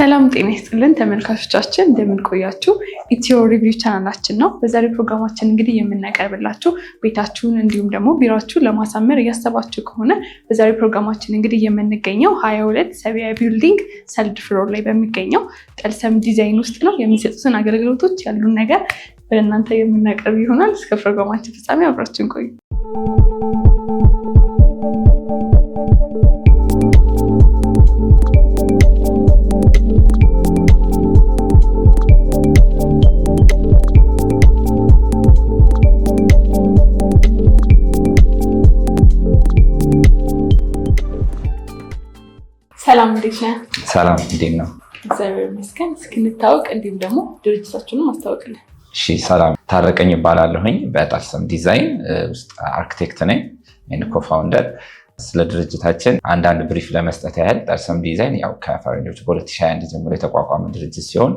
ሰላም ጤና ይስጥልን ተመልካቾቻችን፣ እንደምንቆያችሁ ኢትዮ ሪቪው ቻናላችን ነው። በዛሬ ፕሮግራማችን እንግዲህ የምናቀርብላችሁ ቤታችሁን እንዲሁም ደግሞ ቢሮችሁን ለማሳመር እያሰባችሁ ከሆነ በዛሬ ፕሮግራማችን እንግዲህ የምንገኘው ሀያ ሁለት ሰቢያ ቢልዲንግ ሰልድ ፍሎር ላይ በሚገኘው ጠልሰም ዲዛይን ውስጥ ነው። የሚሰጡትን አገልግሎቶች ያሉን ነገር በእናንተ የምናቀርብ ይሆናል። እስከ ፕሮግራማችን ፍጻሜ አብራችን ቆዩ። ሰላም እንዴት ነህ? ሰላም እንዴት ነው? እግዚአብሔር ይመስገን። እስክንታወቅ እንዲሁም ደግሞ ድርጅታችንን አስታወቅልን። እሺ፣ ሰላም ታረቀኝ ይባላለሁኝ። በጣልሰም ዲዛይን ውስጥ አርክቴክት ነኝ ኮፋውንደር። ስለ ድርጅታችን አንዳንድ ብሪፍ ለመስጠት ያህል ጠርሰም ዲዛይን ያው ከፈረንጆች በ2021 ጀምሮ የተቋቋመ ድርጅት ሲሆን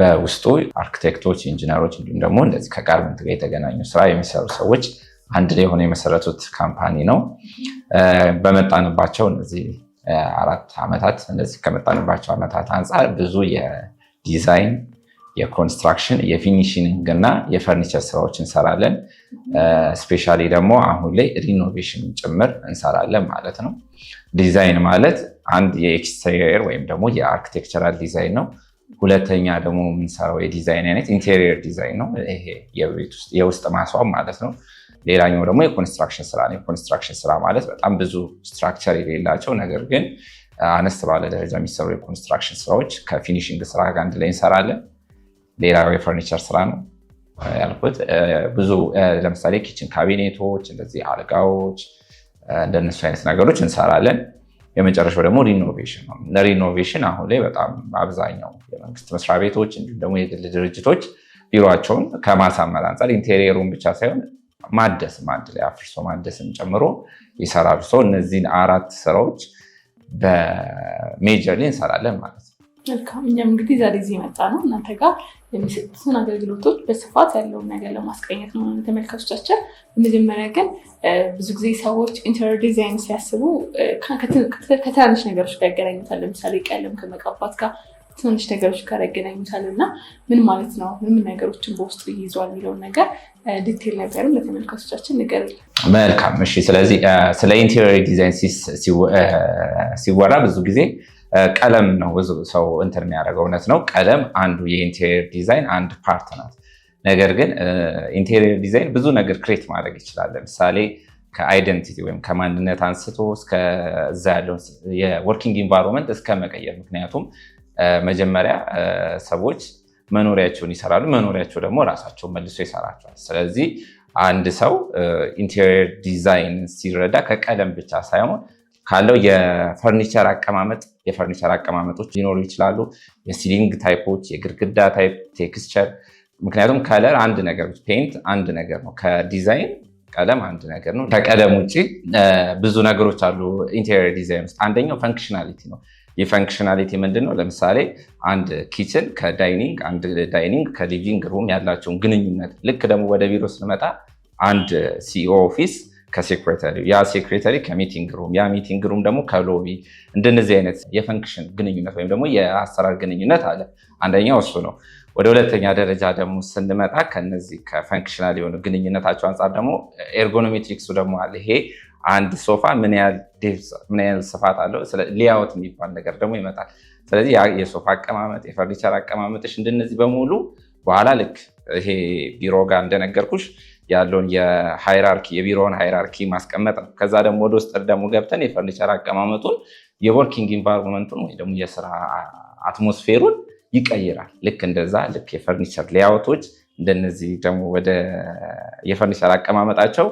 በውስጡ አርክቴክቶች፣ ኢንጂነሮች እንዲሁም ደግሞ እንደዚህ ከጋርመንት ጋር የተገናኙ ስራ የሚሰሩ ሰዎች አንድ ላይ የሆነ የመሰረቱት ካምፓኒ ነው። በመጣንባቸው እነዚህ አራት ዓመታት እንደዚህ ከመጣንባቸው ዓመታት አንጻር ብዙ የዲዛይን የኮንስትራክሽን የፊኒሽንግ እና የፈርኒቸር ስራዎች እንሰራለን። ስፔሻሊ ደግሞ አሁን ላይ ሪኖቬሽን ጭምር እንሰራለን ማለት ነው። ዲዛይን ማለት አንድ የኤክስቴሪየር ወይም ደግሞ የአርክቴክቸራል ዲዛይን ነው። ሁለተኛ ደግሞ የምንሰራው የዲዛይን አይነት ኢንቴሪየር ዲዛይን ነው። ይሄ የውስጥ ማስዋብ ማለት ነው። ሌላኛው ደግሞ የኮንስትራክሽን ስራ ነው። የኮንስትራክሽን ስራ ማለት በጣም ብዙ ስትራክቸር የሌላቸው ነገር ግን አነስ ባለ ደረጃ የሚሰሩ የኮንስትራክሽን ስራዎች ከፊኒሽንግ ስራ ጋር አንድ ላይ እንሰራለን። ሌላው የፈርኒቸር ስራ ነው ያልኩት። ብዙ ለምሳሌ ኪችን ካቢኔቶች፣ እንደዚህ አልጋዎች፣ እንደነሱ አይነት ነገሮች እንሰራለን። የመጨረሻው ደግሞ ሪኖቬሽን ነው። ሪኖቬሽን አሁን ላይ በጣም አብዛኛው የመንግስት መስሪያ ቤቶች እንዲሁም ደግሞ የግል ድርጅቶች ቢሮቸውን ከማሳመር አንጻር ኢንቴሪየሩን ብቻ ሳይሆን ማደስ ማድ ላይ አፍርሶ ማደስን ጨምሮ ይሰራሉ። ሰው እነዚህን አራት ስራዎች በሜጀር ላይ እንሰራለን ማለት ነው። መልካም እኛም እንግዲህ ዛሬ እዚህ የመጣ ነው እናንተ ጋር የሚሰጡትን አገልግሎቶች በስፋት ያለውን ነገር ለማስቀኘት ነው ተመልካቾቻችን። በመጀመሪያ ግን ብዙ ጊዜ ሰዎች ኢንተሪየር ዲዛይን ሲያስቡ ከትናንሽ ነገሮች ጋር ያገናኙታል። ለምሳሌ ቀለም ከመቀባት ጋር ትንሽ ነገሮች ጋር ያገናኙታል እና ምን ማለት ነው፣ ምን ነገሮችን በውስጡ ይይዟል የሚለውን ነገር ዲቴል ነገርም ለተመልካቶቻችን ንገርልን። መልካም እሺ። ስለዚህ ስለ ኢንቴሪየር ዲዛይን ሲወራ ብዙ ጊዜ ቀለም ነው ብዙ ሰው እንትን የሚያደርገው እውነት ነው። ቀለም አንዱ የኢንቴሪየር ዲዛይን አንድ ፓርት ናት። ነገር ግን ኢንቴሪየር ዲዛይን ብዙ ነገር ክሬት ማድረግ ይችላል። ለምሳሌ ከአይደንቲቲ ወይም ከማንነት አንስቶ እስከዛ ያለውን የወርኪንግ ኢንቫይሮንመንት እስከ መቀየር ምክንያቱም መጀመሪያ ሰዎች መኖሪያቸውን ይሰራሉ። መኖሪያቸው ደግሞ ራሳቸውን መልሶ ይሰራቸዋል። ስለዚህ አንድ ሰው ኢንቴሪየር ዲዛይን ሲረዳ ከቀለም ብቻ ሳይሆን ካለው የፈርኒቸር አቀማመጥ የፈርኒቸር አቀማመጦች ሊኖሩ ይችላሉ። የሲሊንግ ታይፖች፣ የግድግዳ ታይፕ፣ ቴክስቸር። ምክንያቱም ከለር አንድ ነገር ፔንት አንድ ነገር ነው፣ ከዲዛይን ቀለም አንድ ነገር ነው። ከቀለም ውጭ ብዙ ነገሮች አሉ ኢንቴሪየር ዲዛይን ውስጥ። አንደኛው ፈንክሽናሊቲ ነው። የፋንክሽናሊቲ ምንድን ነው? ለምሳሌ አንድ ኪችን ከዳይኒንግ አንድ ዳይኒንግ ከሊቪንግ ሩም ያላቸውን ግንኙነት ልክ ደግሞ ወደ ቢሮ ስንመጣ አንድ ሲኦ ኦፊስ ከሴክሬተሪ ያ ሴክሬተሪ ከሚቲንግ ሩም ያ ሚቲንግ ሩም ደግሞ ከሎቢ እንደነዚህ አይነት የፈንክሽን ግንኙነት ወይም ደግሞ የአሰራር ግንኙነት አለ። አንደኛው እሱ ነው። ወደ ሁለተኛ ደረጃ ደግሞ ስንመጣ ከነዚህ ከፈንክሽናል የሆኑ ግንኙነታቸው አንጻር ደግሞ ኤርጎኖሜትሪክሱ ደግሞ አለ። ይሄ አንድ ሶፋ ምን ያህል ስፋት አለው፣ ሊያወት የሚባል ነገር ደግሞ ይመጣል። ስለዚህ የሶፋ አቀማመጥ፣ የፈርኒቸር አቀማመጥሽ እንደነዚህ በሙሉ በኋላ ልክ ይሄ ቢሮ ጋር እንደነገርኩሽ ያለውን የሃይራርኪ የቢሮውን ሃይራርኪ ማስቀመጥ ነው። ከዛ ደግሞ ወደ ውስጥ ደግሞ ገብተን የፈርኒቸር አቀማመጡን የወርኪንግ ኢንቫይሮንመንቱን ወይ ደግሞ የስራ አትሞስፌሩን ይቀይራል። ልክ እንደዛ ልክ የፈርኒቸር ሊያወቶች እንደነዚህ ደግሞ ወደ የፈርኒቸር አቀማመጣቸው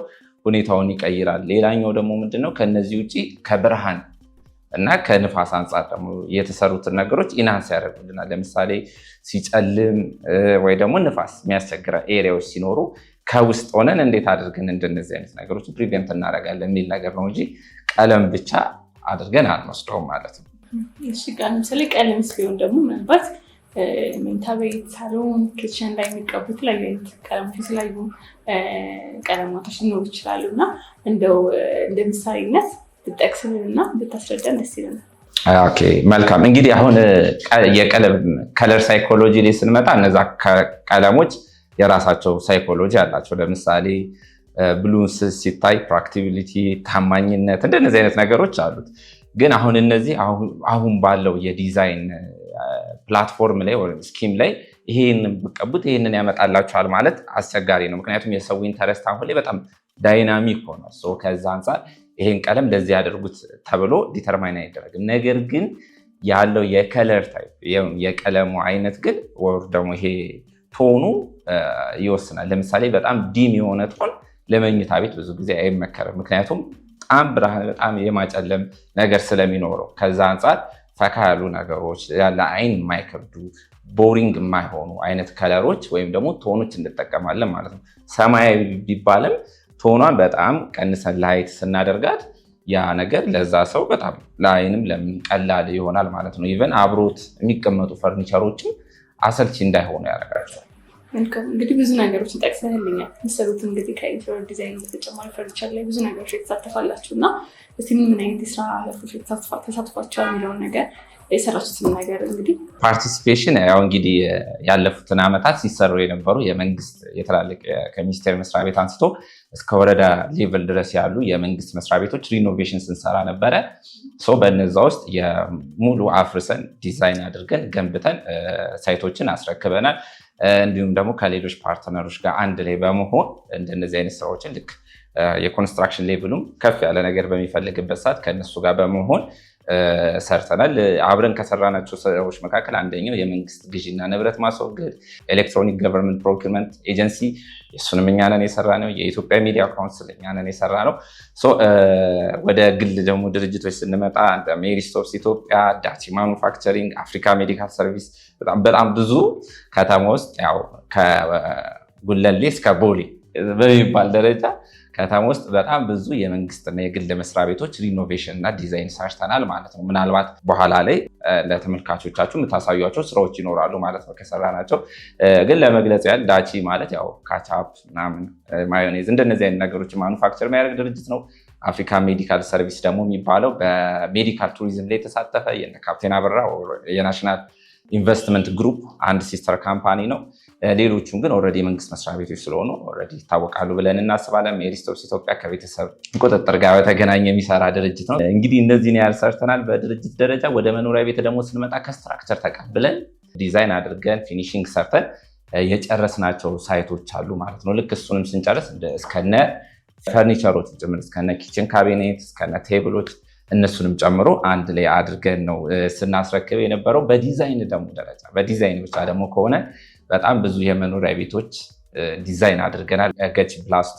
ሁኔታውን ይቀይራል። ሌላኛው ደግሞ ምንድነው ከነዚህ ውጭ ከብርሃን እና ከንፋስ አንጻር ደግሞ የተሰሩትን ነገሮች ኢናንስ ያደርጉልናል። ለምሳሌ ሲጨልም ወይ ደግሞ ንፋስ የሚያስቸግረ ኤሪያዎች ሲኖሩ ከውስጥ ሆነን እንዴት አድርገን እንደነዚህ አይነት ነገሮች ፕሪቬንት እናደርጋለን የሚል ነገር ነው እንጂ ቀለም ብቻ አድርገን አንወስደውም ማለት ነው። እሺ፣ ቃል ቀለም ሲሆን ደግሞ ምናልባት መኝታ ቤት፣ ሳሎን፣ ክችን ላይ የሚቀቡ የተለያዩ አይነት ቀለሞች የተለያዩ ቀለማቶች ሊኖሩ ይችላሉ እና እንደው እንደ ምሳሌነት ብጠቅስልን እና ብታስረዳን ደስ ይለናል። ኦኬ መልካም እንግዲህ አሁን ከለር ሳይኮሎጂ ላይ ስንመጣ እነዛ ቀለሞች የራሳቸው ሳይኮሎጂ አላቸው። ለምሳሌ ብሉንስ ሲታይ ፕራክቲቢሊቲ፣ ታማኝነት እንደነዚህ አይነት ነገሮች አሉት። ግን አሁን እነዚህ አሁን ባለው የዲዛይን ፕላትፎርም ላይ ወይም ስኪም ላይ ይህን ብቀቡት ይህንን ያመጣላችኋል ማለት አስቸጋሪ ነው። ምክንያቱም የሰው ኢንተረስት አሁን ላይ በጣም ዳይናሚክ ሆነ። ከዛ አንጻር ይሄን ቀለም ለዚህ ያደርጉት ተብሎ ዲተርማይን አይደረግም። ነገር ግን ያለው የከለር ታይፕ የቀለሙ አይነት ግን ወር ደግሞ ይሄ ቶኑ ይወስናል። ለምሳሌ በጣም ዲም የሆነ ቶን ለመኝታ ቤት ብዙ ጊዜ አይመከርም። ምክንያቱም በጣም ብርሃን በጣም የማጨለም ነገር ስለሚኖረው ከዛ አንጻር ፈካ ያሉ ነገሮች ለአይን የማይከብዱ ቦሪንግ የማይሆኑ አይነት ከለሮች ወይም ደግሞ ቶኖች እንጠቀማለን ማለት ነው። ሰማያዊ ቢባልም ቶኗን በጣም ቀንሰን ላይት ስናደርጋት ያ ነገር ለዛ ሰው በጣም ለአይንም ለምን ቀላል ይሆናል ማለት ነው። ኢቨን አብሮት የሚቀመጡ ፈርኒቸሮችም አሰልቺ እንዳይሆኑ ያደርጋቸዋል። መልካም እንግዲህ ብዙ ነገሮች ጠቅሰህልኛል። የምትሰሩት እንግዲህ ከኢንቴሪየር ዲዛይን በተጨማሪ ፈርኒቸር ላይ ብዙ ነገሮች የተሳተፋላችሁ እና እስኪ ምን አይነት የስራ ኃላፊዎች ተሳትፏቸዋል የሚለውን ነገር የሰራችሁትን ነገር እንግዲህ ፓርቲሲፔሽን ያው እንግዲህ ያለፉትን ዓመታት ሲሰሩ የነበሩ የመንግስት የተላለቅ ከሚኒስቴር መስሪያ ቤት አንስቶ እስከ ወረዳ ሌቨል ድረስ ያሉ የመንግስት መስሪያ ቤቶች ሪኖቬሽን ስንሰራ ነበረ። ሶ በነዛ ውስጥ የሙሉ አፍርሰን ዲዛይን አድርገን ገንብተን ሳይቶችን አስረክበናል። እንዲሁም ደግሞ ከሌሎች ፓርትነሮች ጋር አንድ ላይ በመሆን እንደነዚህ አይነት ስራዎችን ልክ የኮንስትራክሽን ሌቭሉም ከፍ ያለ ነገር በሚፈልግበት ሰዓት ከእነሱ ጋር በመሆን ሰርተናል። አብረን ከሰራናቸው ስራዎች መካከል አንደኛው የመንግስት ግዢና ንብረት ማስወገድ ኤሌክትሮኒክ ገቨርንመንት ፕሮኪውመንት ኤጀንሲ እሱንም እኛ ነን የሰራ ነው። የኢትዮጵያ ሚዲያ ካውንስል እኛ ነን የሰራ ነው። ወደ ግል ደግሞ ድርጅቶች ስንመጣ ሜሪ ስቶፕስ ኢትዮጵያ፣ ዳቲ ማኑፋክቸሪንግ፣ አፍሪካ ሜዲካል ሰርቪስ በጣም ብዙ ከተማ ውስጥ ያው ከጉለሌ እስከ ቦሌ በሚባል ደረጃ ከተማ ውስጥ በጣም ብዙ የመንግስትና የግል መስሪያ ቤቶች ሪኖቬሽን እና ዲዛይን ሰርተናል ማለት ነው። ምናልባት በኋላ ላይ ለተመልካቾቻችሁ የምታሳዩቸው ስራዎች ይኖራሉ ማለት ነው ናቸው። ግን ለመግለጽ ያህል ዳቺ ማለት ያው ካቻፕ ምናምን፣ ማዮኔዝ እንደነዚህ አይነት ነገሮች ማኑፋክቸር የሚያደርግ ድርጅት ነው። አፍሪካ ሜዲካል ሰርቪስ ደግሞ የሚባለው በሜዲካል ቱሪዝም ላይ የተሳተፈ የካፕቴን አበራ የናሽናል ኢንቨስትመንት ግሩፕ አንድ ሲስተር ካምፓኒ ነው። eh, ሌሎቹም ግን ኦልሬዲ የመንግስት መስሪያ ቤቶች ስለሆኑ ኦልሬዲ ይታወቃሉ ብለን እናስባለን። ሜሪስቶፕስ ኢትዮጵያ ከቤተሰብ ቁጥጥር ጋር በተገናኘ የሚሰራ ድርጅት ነው። eh, እንግዲህ እነዚህን ያህል ሰርተናል በድርጅት ደረጃ። ወደ መኖሪያ ቤት ደግሞ ስንመጣ ከስትራክቸር ተቀብለን ዲዛይን አድርገን ፊኒሽንግ ሰርተን eh, የጨረስናቸው ሳይቶች አሉ ማለት ነው። ልክ እሱንም ስንጨርስ እስከነ ፈርኒቸሮች ጭምር እስከነ ኪችን ካቢኔት እስከነ ቴብሎች እነሱንም ጨምሮ አንድ ላይ አድርገን ነው ስናስረክብ የነበረው። በዲዛይን ደግሞ ደረጃ በዲዛይን ብቻ ደግሞ ከሆነ በጣም ብዙ የመኖሪያ ቤቶች ዲዛይን አድርገናል። ገጭ ፕላስቱ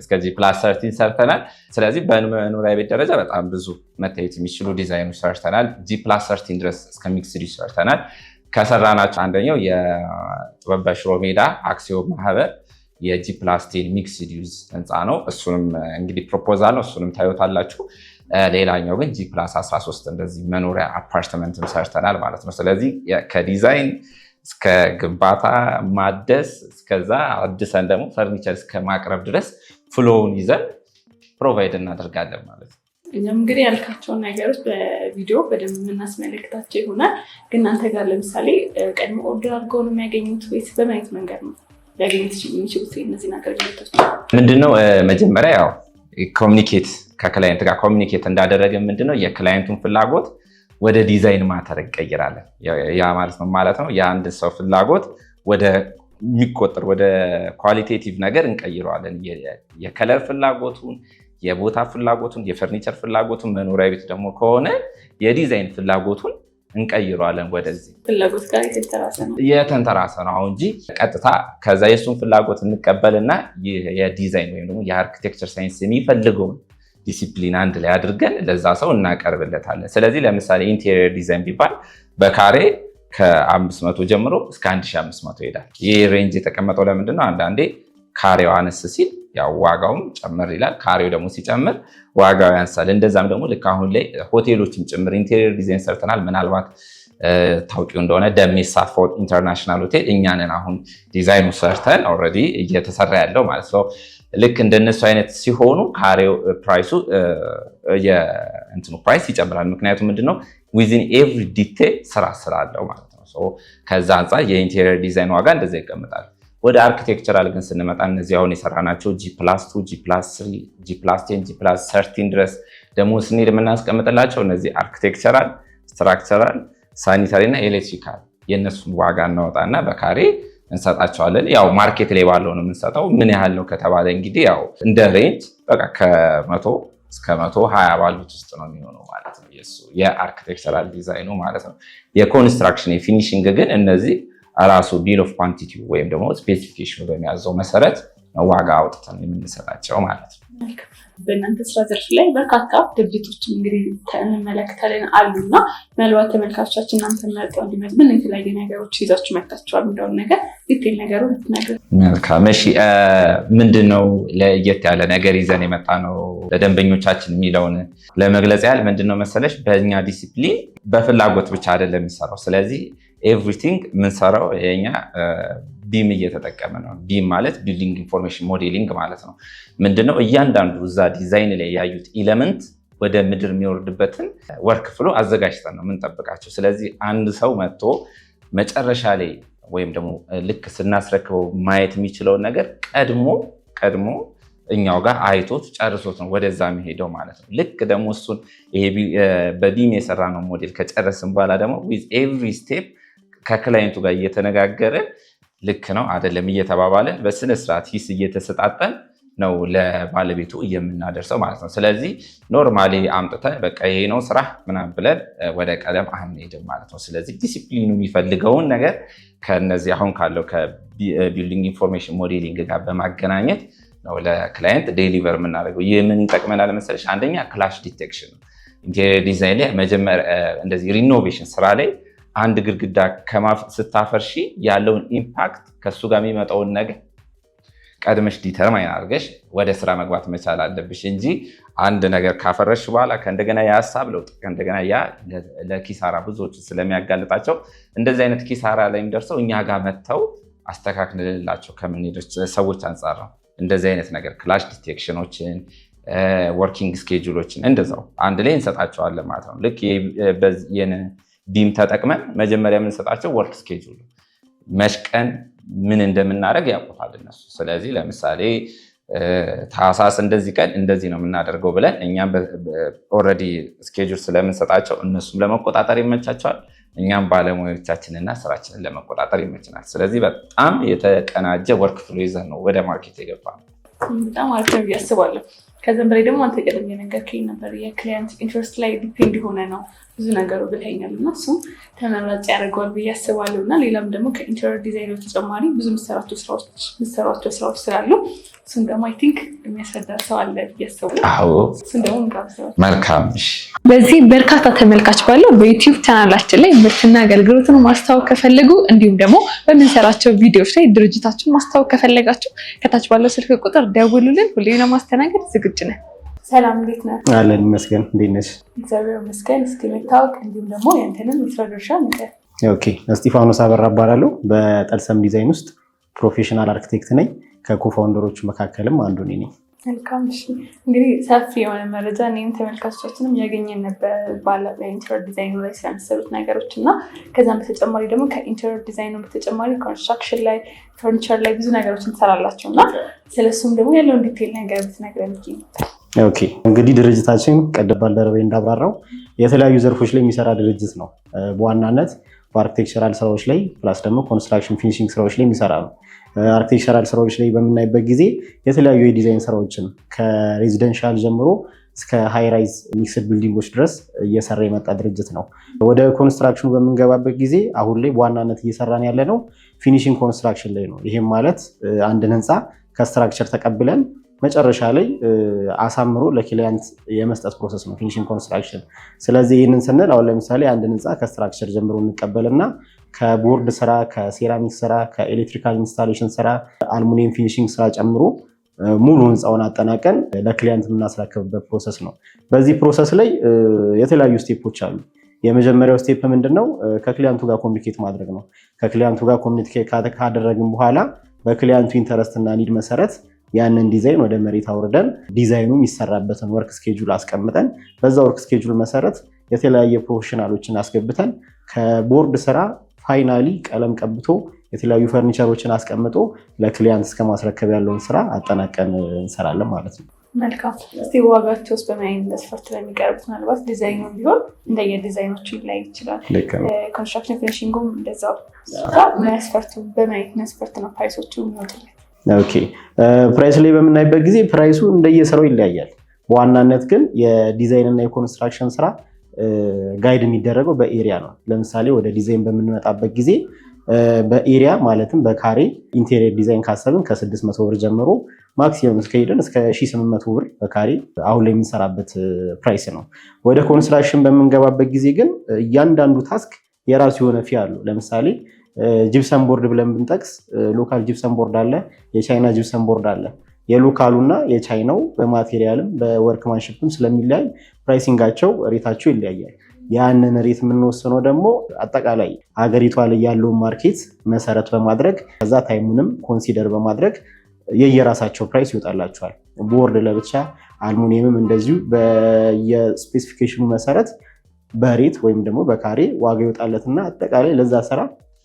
እስከዚህ ፕላስ ሰርቲን ሰርተናል። ስለዚህ በመኖሪያ ቤት ደረጃ በጣም ብዙ መታየት የሚችሉ ዲዛይኖች ሰርተናል። ጂ ፕላስ ሰርቲን ድረስ እስከ ሚክስድ ሰርተናል። ከሰራናቸው አንደኛው የጥበብ በሽሮ ሜዳ አክሲዮን ማህበር የጂ ፕላስ ሚክስድ ዩዝ ህንፃ ነው። እሱንም እንግዲህ ፕሮፖዛል ነው። እሱንም ታዩታላችሁ። ሌላኛው ግን ጂ ፕላስ 13 እንደዚህ መኖሪያ አፓርትመንትን ሰርተናል ማለት ነው። ስለዚህ ከዲዛይን እስከ ግንባታ ማደስ፣ እስከዛ አድሰን ደግሞ ፈርኒቸር እስከ ማቅረብ ድረስ ፍሎውን ይዘን ፕሮቫይድ እናደርጋለን ማለት ነው። እኛም እንግዲህ ያልካቸውን ነገሮች በቪዲዮ በደንብ የምናስመለክታቸው ይሆናል። ግን እናንተ ጋር ለምሳሌ ቀድሞ ኦርደር አድርገው ነው የሚያገኙት ወይስ በማየት መንገድ ነው ሊያገኙት የሚችሉት? እነዚህ ነገር ምንድን ነው መጀመሪያ ያው ኮሚኒኬት ከክላይንት ጋር ኮሚኒኬት እንዳደረገ ምንድነው የክላይንቱን ፍላጎት ወደ ዲዛይን ማተር እንቀይራለን። ያ ማለት ነው ማለት ነው የአንድ ሰው ፍላጎት ወደ የሚቆጠር ወደ ኳሊቴቲቭ ነገር እንቀይረዋለን። የከለር ፍላጎቱን፣ የቦታ ፍላጎቱን፣ የፈርኒቸር ፍላጎቱን መኖሪያ ቤት ደግሞ ከሆነ የዲዛይን ፍላጎቱን እንቀይረዋለን ወደዚህ ፍላጎት ጋር የተንተራሰ ነው አሁን እንጂ ቀጥታ ከዛ የእሱን ፍላጎት እንቀበልና የዲዛይን ወይም ደግሞ የአርኪቴክቸር ሳይንስ የሚፈልገውን ዲሲፕሊን አንድ ላይ አድርገን ለዛ ሰው እናቀርብለታለን። ስለዚህ ለምሳሌ ኢንቴሪየር ዲዛይን ቢባል በካሬ ከ500 ጀምሮ እስከ 1500 ይሄዳል። ይህ ሬንጅ የተቀመጠው ለምንድን ነው? አንዳንዴ ካሬው አነስ ሲል ያው ዋጋውም ጨመር ይላል። ካሬው ደግሞ ሲጨምር ዋጋው ያንሳል። እንደዛም ደግሞ ልክ አሁን ላይ ሆቴሎችን ጭምር ኢንቴሪየር ዲዛይን ሰርተናል። ምናልባት ታውቂው እንደሆነ ደሜሳ ፎርት ኢንተርናሽናል ሆቴል እኛንን አሁን ዲዛይኑ ሰርተን ኦልሬዲ እየተሰራ ያለው ማለት ነው። ልክ እንደነሱ አይነት ሲሆኑ ካሬው ፕራይሱ የእንትኑ ፕራይስ ይጨምራል። ምክንያቱም ምንድነው ዊዝን ኤቭሪ ዲቴል ስራ ስራ አለው ማለት ነው። ከዛ አንጻር የኢንቴሪየር ዲዛይን ዋጋ እንደዛ ይቀምጣል። ወደ አርኪቴክቸራል ግን ስንመጣ እነዚህ አሁን የሰራናቸው ጂ ፕላስ ቱ፣ ጂ ፕላስ ስሪ፣ ጂ ፕላስ ቴን፣ ጂ ፕላስ ሰርቲን ድረስ ደግሞ ስንሄድ የምናስቀምጥላቸው እነዚህ አርኪቴክቸራል፣ ስትራክቸራል፣ ሳኒታሪ እና ኤሌክትሪካል የእነሱን ዋጋ እናወጣና በካሬ እንሰጣቸዋለን። ያው ማርኬት ላይ ባለው ነው የምንሰጠው። ምን ያህል ነው ከተባለ እንግዲህ ያው እንደ ሬንጅ በቃ ከመቶ እስከ መቶ ሀያ ባሉት ውስጥ ነው የሚሆነው ማለት ነው። የአርኪቴክቸራል ዲዛይኑ ማለት ነው። የኮንስትራክሽን የፊኒሽንግ ግን እነዚህ ራሱ ቢል ኦፍ ኳንቲቲ ወይም ደግሞ ስፔሲፊኬሽን በሚያዘው መሰረት ዋጋ አውጥተን የምንሰጣቸው ማለት ነው። በእናንተ ስራ ዘርፍ ላይ በርካታ ድርጅቶች እንግዲህ እንመለከታለን አሉ እና ምናልባት ተመልካቾቻችን እናንተ መርጠው እንዲመዝብን የተለያዩ ነገሮች ይዛችሁ መጥታችኋል እንደሆነ ነገር ይቴል ነገሩ ነገር መልካም እሺ፣ ምንድን ነው ለየት ያለ ነገር ይዘን የመጣ ነው ለደንበኞቻችን የሚለውን ለመግለጽ ያህል ምንድን ነው መሰለሽ፣ በእኛ ዲሲፕሊን በፍላጎት ብቻ አይደለም የሚሰራው ስለዚህ ኤቭሪቲንግ የምንሰራው የኛ ቢም እየተጠቀመ ነው። ቢም ማለት ቢልዲንግ ኢንፎርሜሽን ሞዴሊንግ ማለት ነው። ምንድነው እያንዳንዱ እዛ ዲዛይን ላይ ያዩት ኢለመንት ወደ ምድር የሚወርድበትን ወርክ ፍሎ አዘጋጅተን ነው የምንጠብቃቸው። ስለዚህ አንድ ሰው መጥቶ መጨረሻ ላይ ወይም ደግሞ ልክ ስናስረክበው ማየት የሚችለውን ነገር ቀድሞ ቀድሞ እኛው ጋር አይቶት ጨርሶት ነው ወደዛ የሚሄደው ማለት ነው። ልክ ደግሞ እሱን በቢም የሰራ ነው ሞዴል ከጨረስን በኋላ ደግሞ ዊዝ ኤቭሪ ስቴፕ ከክላይንቱ ጋር እየተነጋገረ ልክ ነው አይደለም እየተባባለ በስነስርዓት ሂስ እየተሰጣጠን ነው ለባለቤቱ የምናደርሰው ማለት ነው። ስለዚህ ኖርማሊ አምጥተን በቃ ይሄ ነው ስራ ምናምን ብለን ወደ ቀለም አንሄድም ማለት ነው። ስለዚህ ዲሲፕሊኑ የሚፈልገውን ነገር ከነዚህ አሁን ካለው ከቢልዲንግ ኢንፎርሜሽን ሞዴሊንግ ጋር በማገናኘት ነው ለክላይንት ዴሊቨር የምናደርገው። ይህ ምን ይጠቅመናል መሰለሽ? አንደኛ ክላሽ ዲቴክሽን ነው። ዲዛይን ላይ መጀመሪያ እንደዚህ ሪኖቬሽን ስራ ላይ አንድ ግድግዳ ስታፈርሺ ያለውን ኢምፓክት ከሱ ጋር የሚመጣውን ነገር ቀድመሽ ዲተርማይን አድርገሽ ወደ ስራ መግባት መቻል አለብሽ እንጂ አንድ ነገር ካፈረሽ በኋላ ከእንደገና የሀሳብ ለውጥ ከእንደገና ያ ለኪሳራ ብዙዎች ስለሚያጋልጣቸው እንደዚህ አይነት ኪሳራ ላይም ደርሰው እኛ ጋር መጥተው አስተካክልላቸው ከምንሄዶች ሰዎች አንጻር ነው። እንደዚህ አይነት ነገር ክላሽ ዲቴክሽኖችን፣ ወርኪንግ ስኬጁሎችን እንደዛው አንድ ላይ እንሰጣቸዋለን ማለት ነው ልክ ቢም ተጠቅመን መጀመሪያ የምንሰጣቸው ወርክ ስኬጁል መሽቀን ምን እንደምናደርግ ያውቁታል እነሱ። ስለዚህ ለምሳሌ ታህሳስ እንደዚህ ቀን እንደዚህ ነው የምናደርገው ብለን እኛም ኦልሬዲ ስኬጁል ስለምንሰጣቸው እነሱም ለመቆጣጠር ይመቻቸዋል፣ እኛም ባለሙያዎቻችንና ስራችንን ለመቆጣጠር ይመችናል። ስለዚህ በጣም የተቀናጀ ወርክ ፍሎ ይዘን ነው ወደ ማርኬት የገባ ነው። በጣም አሪፍ ነው ብዬ አስባለሁ። ከዚም በላይ ደግሞ አንተ ቀደም የነገርከኝ ነበር የክላይንት ኢንትረስት ላይ ዲፔንድ የሆነ ነው ብዙ ነገሩ ብለኛል እና እሱም ተመራጭ ያደርገዋል ብዬ አስባለሁ። እና ሌላም ደግሞ ከኢንተሪየር ዲዛይን በተጨማሪ ብዙ ምሰራቸው ስራዎች ስላሉ እሱም ደግሞ አይ ቲንክ የሚያስረዳ ሰው አለ ብዬ አስባለሁ። እሱም ደግሞ መልካም። በዚህ በርካታ ተመልካች ባለው በዩቲዩብ ቻናላችን ላይ ምርትና አገልግሎትን ማስታወቅ ከፈለጉ እንዲሁም ደግሞ በምንሰራቸው ቪዲዮዎች ላይ ድርጅታችን ማስታወቅ ከፈለጋችሁ ከታች ባለው ስልክ ቁጥር ደውሉልን። ሁሌ ለማስተናገድ ዝግጁ ነን። ሰላም እንዴት ነህ? አለን ይመስገን። እንዴት ነሽ? እግዚአብሔር ይመስገን። እስኪ መታወቅ እንዲሁም ደግሞ ያንተንም የስራ ድርሻ ንገር። ኦኬ እስጢፋኖስ አበራ እባላለሁ። በጠልሰም ዲዛይን ውስጥ ፕሮፌሽናል አርክቴክት ነኝ። ከኮፋውንደሮች መካከልም አንዱ እኔ ነኝ። መልካም እሺ። እንግዲህ ሰፊ የሆነ መረጃ እኔም ተመልካቾቻችንም ያገኘን ነበር በኢንቴሪየር ዲዛይኑ ላይ ስለመሰሉት ነገሮች እና ከዛም በተጨማሪ ደግሞ ከኢንቴሪየር ዲዛይኑ በተጨማሪ ኮንስትራክሽን ላይ ፈርኒቸር ላይ ብዙ ነገሮች እንሰራላቸው እና ስለሱም ደግሞ ያለውን ዲቴል ነገር ብትነግረን ይገኛል ኦኬ እንግዲህ ድርጅታችን ቀደም ባልደረቤ እንዳብራራው የተለያዩ ዘርፎች ላይ የሚሰራ ድርጅት ነው። በዋናነት በአርክቴክቸራል ስራዎች ላይ ፕላስ ደግሞ ኮንስትራክሽን ፊኒሽንግ ስራዎች ላይ የሚሰራ ነው። አርክቴክቸራል ስራዎች ላይ በምናይበት ጊዜ የተለያዩ የዲዛይን ስራዎችን ከሬዚደንሻል ጀምሮ እስከ ሃይራይዝ ሚክስድ ቢልዲንጎች ድረስ እየሰራ የመጣ ድርጅት ነው። ወደ ኮንስትራክሽኑ በምንገባበት ጊዜ አሁን ላይ በዋናነት እየሰራን ያለ ነው ፊኒሽንግ ኮንስትራክሽን ላይ ነው። ይህም ማለት አንድን ህንፃ ከስትራክቸር ተቀብለን መጨረሻ ላይ አሳምሮ ለክሊያንት የመስጠት ፕሮሰስ ነው ፊኒሽንግ ኮንስትራክሽን። ስለዚህ ይህንን ስንል አሁን ለምሳሌ አንድ ህንፃ ከስትራክቸር ጀምሮ እንቀበልና ከቦርድ ስራ፣ ከሴራሚክ ስራ፣ ከኤሌክትሪካል ኢንስታሌሽን ስራ፣ አልሙኒየም ፊኒሽንግ ስራ ጨምሮ ሙሉ ህንፃውን አጠናቀን ለክሊያንት የምናስረክብበት ፕሮሰስ ነው። በዚህ ፕሮሰስ ላይ የተለያዩ ስቴፖች አሉ። የመጀመሪያው ስቴፕ ምንድን ነው? ከክሊያንቱ ጋር ኮሚኒኬት ማድረግ ነው። ከክሊያንቱ ጋር ኮሚኒኬት ካደረግን በኋላ በክሊያንቱ ኢንተረስት እና ኒድ መሰረት ያንን ዲዛይን ወደ መሬት አውርደን ዲዛይኑ የሚሰራበትን ወርክ ስኬጁል አስቀምጠን በዛ ወርክ ስኬጁል መሰረት የተለያየ ፕሮፌሽናሎችን አስገብተን ከቦርድ ስራ ፋይናሊ ቀለም ቀብቶ የተለያዩ ፈርኒቸሮችን አስቀምጦ ለክሊያንት እስከ ማስረከብ ያለውን ስራ አጠናቀን እንሰራለን ማለት ነው። መልካም። እስቲ ዋጋቸው ውስጥ በምን አይነት መስፈርት ላይ የሚቀርቡት? ምናልባት ዲዛይኑ ቢሆን እንደየ ዲዛይኖቹ ላይ ይችላል። ኮንስትራክሽን ፊኒሽንጉም እንደዛው መስፈርቱ በምን አይነት መስፈርት ነው ፕራይሶቹ የሚወጡለት? ኦኬ ፕራይስ ላይ በምናይበት ጊዜ ፕራይሱ እንደየስራው ይለያያል። በዋናነት ግን የዲዛይን እና የኮንስትራክሽን ስራ ጋይድ የሚደረገው በኤሪያ ነው። ለምሳሌ ወደ ዲዛይን በምንመጣበት ጊዜ በኤሪያ ማለትም በካሬ ኢንቴሪየር ዲዛይን ካሰብን ከ600 ብር ጀምሮ ማክሲመም እስከሄድን እስከ 800 ብር በካሬ አሁን ላይ የምንሰራበት ፕራይስ ነው። ወደ ኮንስትራክሽን በምንገባበት ጊዜ ግን እያንዳንዱ ታስክ የራሱ የሆነ ፊ አለው። ለምሳሌ ጅብሰን ቦርድ ብለን ብንጠቅስ ሎካል ጅብሰን ቦርድ አለ፣ የቻይና ጅብሰን ቦርድ አለ። የሎካሉ እና የቻይናው በማቴሪያልም በወርክማንሽፕም ስለሚለያይ ፕራይሲንጋቸው ሬታቸው ይለያያል። ያንን ሬት የምንወስነው ደግሞ አጠቃላይ ሀገሪቷ ላይ ያለውን ማርኬት መሰረት በማድረግ ከዛ ታይሙንም ኮንሲደር በማድረግ የየራሳቸው ፕራይስ ይወጣላቸዋል። ቦርድ ለብቻ አልሙኒየምም እንደዚሁ በየስፔሲፊኬሽኑ መሰረት በሬት ወይም ደግሞ በካሬ ዋጋ ይወጣለትና አጠቃላይ ለዛ ስራ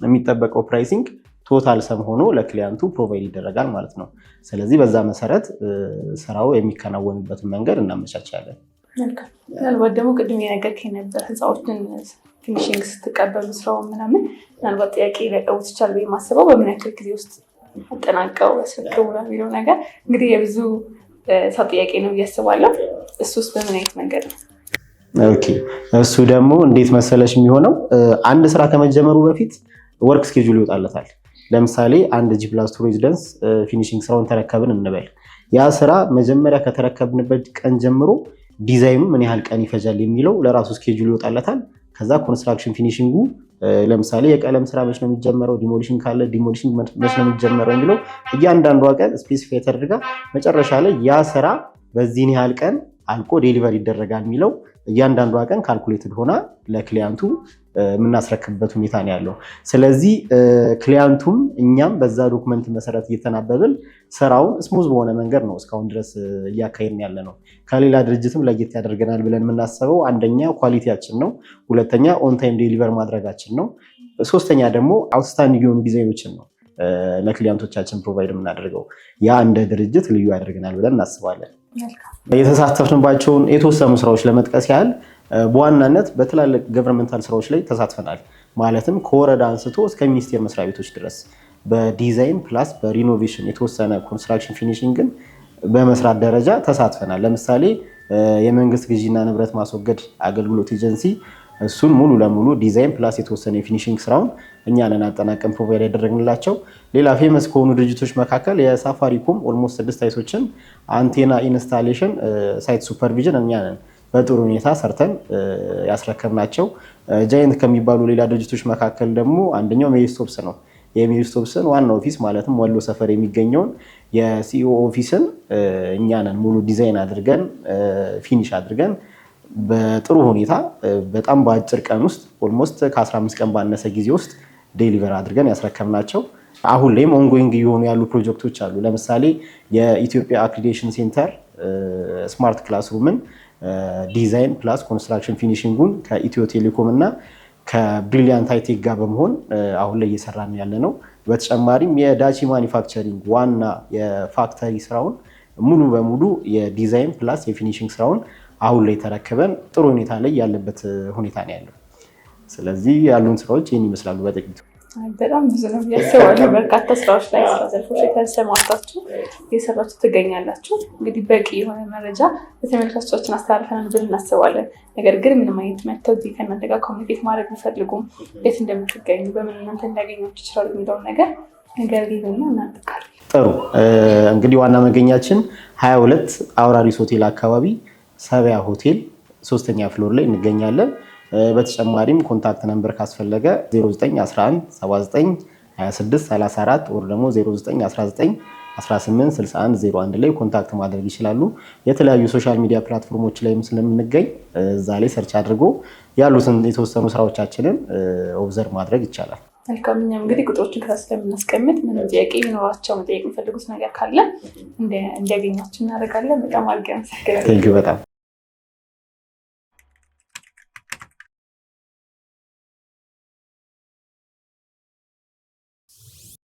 የሚጠበቀው ፕራይሲንግ ቶታል ሰም ሆኖ ለክሊያንቱ ፕሮቫይድ ይደረጋል ማለት ነው። ስለዚህ በዛ መሰረት ስራው የሚከናወንበትን መንገድ እናመቻቻለን። ምናልባት ደግሞ ቅድም የነገርከኝ ነበር ህንፃዎችን ፊኒሽንግ ስትቀበሉ ስራው ምናምን ምናልባት ጥያቄ ሊያቀቡት ይቻል የማስበው በምን ያክል ጊዜ ውስጥ አጠናቀው ያስረክቡ የሚለው ነገር እንግዲህ የብዙ ሰው ጥያቄ ነው እያስባለሁ። እሱ ውስጥ በምን አይነት መንገድ ነው? ኦኬ እሱ ደግሞ እንዴት መሰለሽ የሚሆነው አንድ ስራ ከመጀመሩ በፊት ወርክ ስኬጁል ይወጣለታል። ለምሳሌ አንድ ጂ ፕላስ ቱ ሬዚደንስ ፊኒሽንግ ስራውን ተረከብን እንበል። ያ ስራ መጀመሪያ ከተረከብንበት ቀን ጀምሮ ዲዛይኑ ምን ያህል ቀን ይፈጃል የሚለው ለራሱ ስኬጁል ይወጣለታል። ከዛ ኮንስትራክሽን ፊኒሽንጉ ለምሳሌ የቀለም ስራ መች ነው የሚጀመረው፣ ዲሞሊሽን ካለ ዲሞሊሽን መች ነው የሚጀመረው የሚለው እያንዳንዷ ቀን ስፔሲፋይ ተደርጋ መጨረሻ ላይ ያ ስራ በዚህን ያህል ቀን አልቆ ዴሊቨር ይደረጋል የሚለው እያንዳንዷ ቀን ካልኩሌትድ ሆና ለክሊያንቱ የምናስረክብበት ሁኔታ ነው ያለው። ስለዚህ ክሊያንቱም እኛም በዛ ዶክመንት መሰረት እየተናበብን ስራውን ስሙዝ በሆነ መንገድ ነው እስካሁን ድረስ እያካሄድን ያለ ነው። ከሌላ ድርጅትም ለየት ያደርገናል ብለን የምናስበው አንደኛ ኳሊቲያችን ነው፣ ሁለተኛ ኦንታይም ዴሊቨር ማድረጋችን ነው፣ ሶስተኛ ደግሞ አውትስታንዲንግ ጊዜዎችን ነው። ለክሊያንቶቻችን ፕሮቫይድ የምናደርገው ያ እንደ ድርጅት ልዩ ያደርገናል ብለን እናስባለን። የተሳተፍንባቸውን የተወሰኑ ስራዎች ለመጥቀስ ያህል በዋናነት በትላልቅ ገቨርንመንታል ስራዎች ላይ ተሳትፈናል። ማለትም ከወረዳ አንስቶ እስከ ሚኒስቴር መስሪያ ቤቶች ድረስ በዲዛይን ፕላስ በሪኖቬሽን የተወሰነ ኮንስትራክሽን ፊኒሽንግን በመስራት ደረጃ ተሳትፈናል። ለምሳሌ የመንግስት ግዢና ንብረት ማስወገድ አገልግሎት ኤጀንሲ እሱን ሙሉ ለሙሉ ዲዛይን ፕላስ የተወሰነ የፊኒሽንግ ስራውን እኛ ነን አጠናቀን ፕሮቫይድ ያደረግንላቸው። ሌላ ፌመስ ከሆኑ ድርጅቶች መካከል የሳፋሪኮም ኦልሞስት ስድስት ሳይቶችን አንቴና ኢንስታሌሽን፣ ሳይት ሱፐርቪዥን እኛ ነን በጥሩ ሁኔታ ሰርተን ያስረከብናቸው። ጃይንት ከሚባሉ ሌላ ድርጅቶች መካከል ደግሞ አንደኛው ሜሪስቶፕስ ነው። የሜሪስቶፕስን ዋና ኦፊስ ማለትም ወሎ ሰፈር የሚገኘውን የሲኦ ኦፊስን እኛ ነን ሙሉ ዲዛይን አድርገን ፊኒሽ አድርገን በጥሩ ሁኔታ በጣም በአጭር ቀን ውስጥ ኦልሞስት ከ15 ቀን ባነሰ ጊዜ ውስጥ ዴሊቨር አድርገን ያስረከብናቸው አሁን ላይም ኦንጎይንግ እየሆኑ ያሉ ፕሮጀክቶች አሉ። ለምሳሌ የኢትዮጵያ አክሪዴሽን ሴንተር ስማርት ክላስሩምን ዲዛይን ፕላስ ኮንስትራክሽን ፊኒሽንጉን ከኢትዮ ቴሌኮም እና ከብሪሊያንት ሃይቴክ ጋር በመሆን አሁን ላይ እየሰራን ያለ ነው። በተጨማሪም የዳቺ ማኒፋክቸሪንግ ዋና የፋክተሪ ስራውን ሙሉ በሙሉ የዲዛይን ፕላስ የፊኒሽንግ ስራውን አሁን ላይ ተረክበን ጥሩ ሁኔታ ላይ ያለበት ሁኔታ ነው ያለው። ስለዚህ ያሉን ስራዎች ይህን ይመስላሉ በጥቂቱ። በጣም ብዙ ነው ያስባለሁ። በርካታ ስራዎች ላይ ስራ ዘርፎች የተሰማርታችሁ እየሰራችሁ ትገኛላችሁ። እንግዲህ በቂ የሆነ መረጃ ለተመልካቾቻችን አስተላልፈናል ብለን እናስባለን። ነገር ግን ምንም አይነት መጥተው እዚህ ከእናንተ ጋር ኮሚኒኬት ማድረግ ቢፈልጉም የት እንደምትገኙ በምን እናንተ ሊያገኟችሁ ይችላሉ የሚለውን ነገር ነገር ሊሆና እናጠቃል። ጥሩ እንግዲህ ዋና መገኛችን ሀያ ሁለት አውራሪስ ሆቴል አካባቢ ሰቢያ ሆቴል ሶስተኛ ፍሎር ላይ እንገኛለን። በተጨማሪም ኮንታክት ነንበር ካስፈለገ 0911792634 ወር ደግሞ 0919186101 ላይ ኮንታክት ማድረግ ይችላሉ። የተለያዩ ሶሻል ሚዲያ ፕላትፎርሞች ላይም ስለምንገኝ እዛ ላይ ሰርች አድርጎ ያሉትን የተወሰኑ ስራዎቻችንን ኦብዘርቭ ማድረግ ይቻላል። መልካም እኛም እንግዲህ ቁጥሮችን ከዛ ስለምናስቀምጥ ምንም ጥያቄ ቢኖራቸው መጠየቅ የሚፈልጉት ነገር ካለ እንዲያገኛቸው እናደርጋለን። በጣም አድርጌ አመሰግናለሁ። በጣም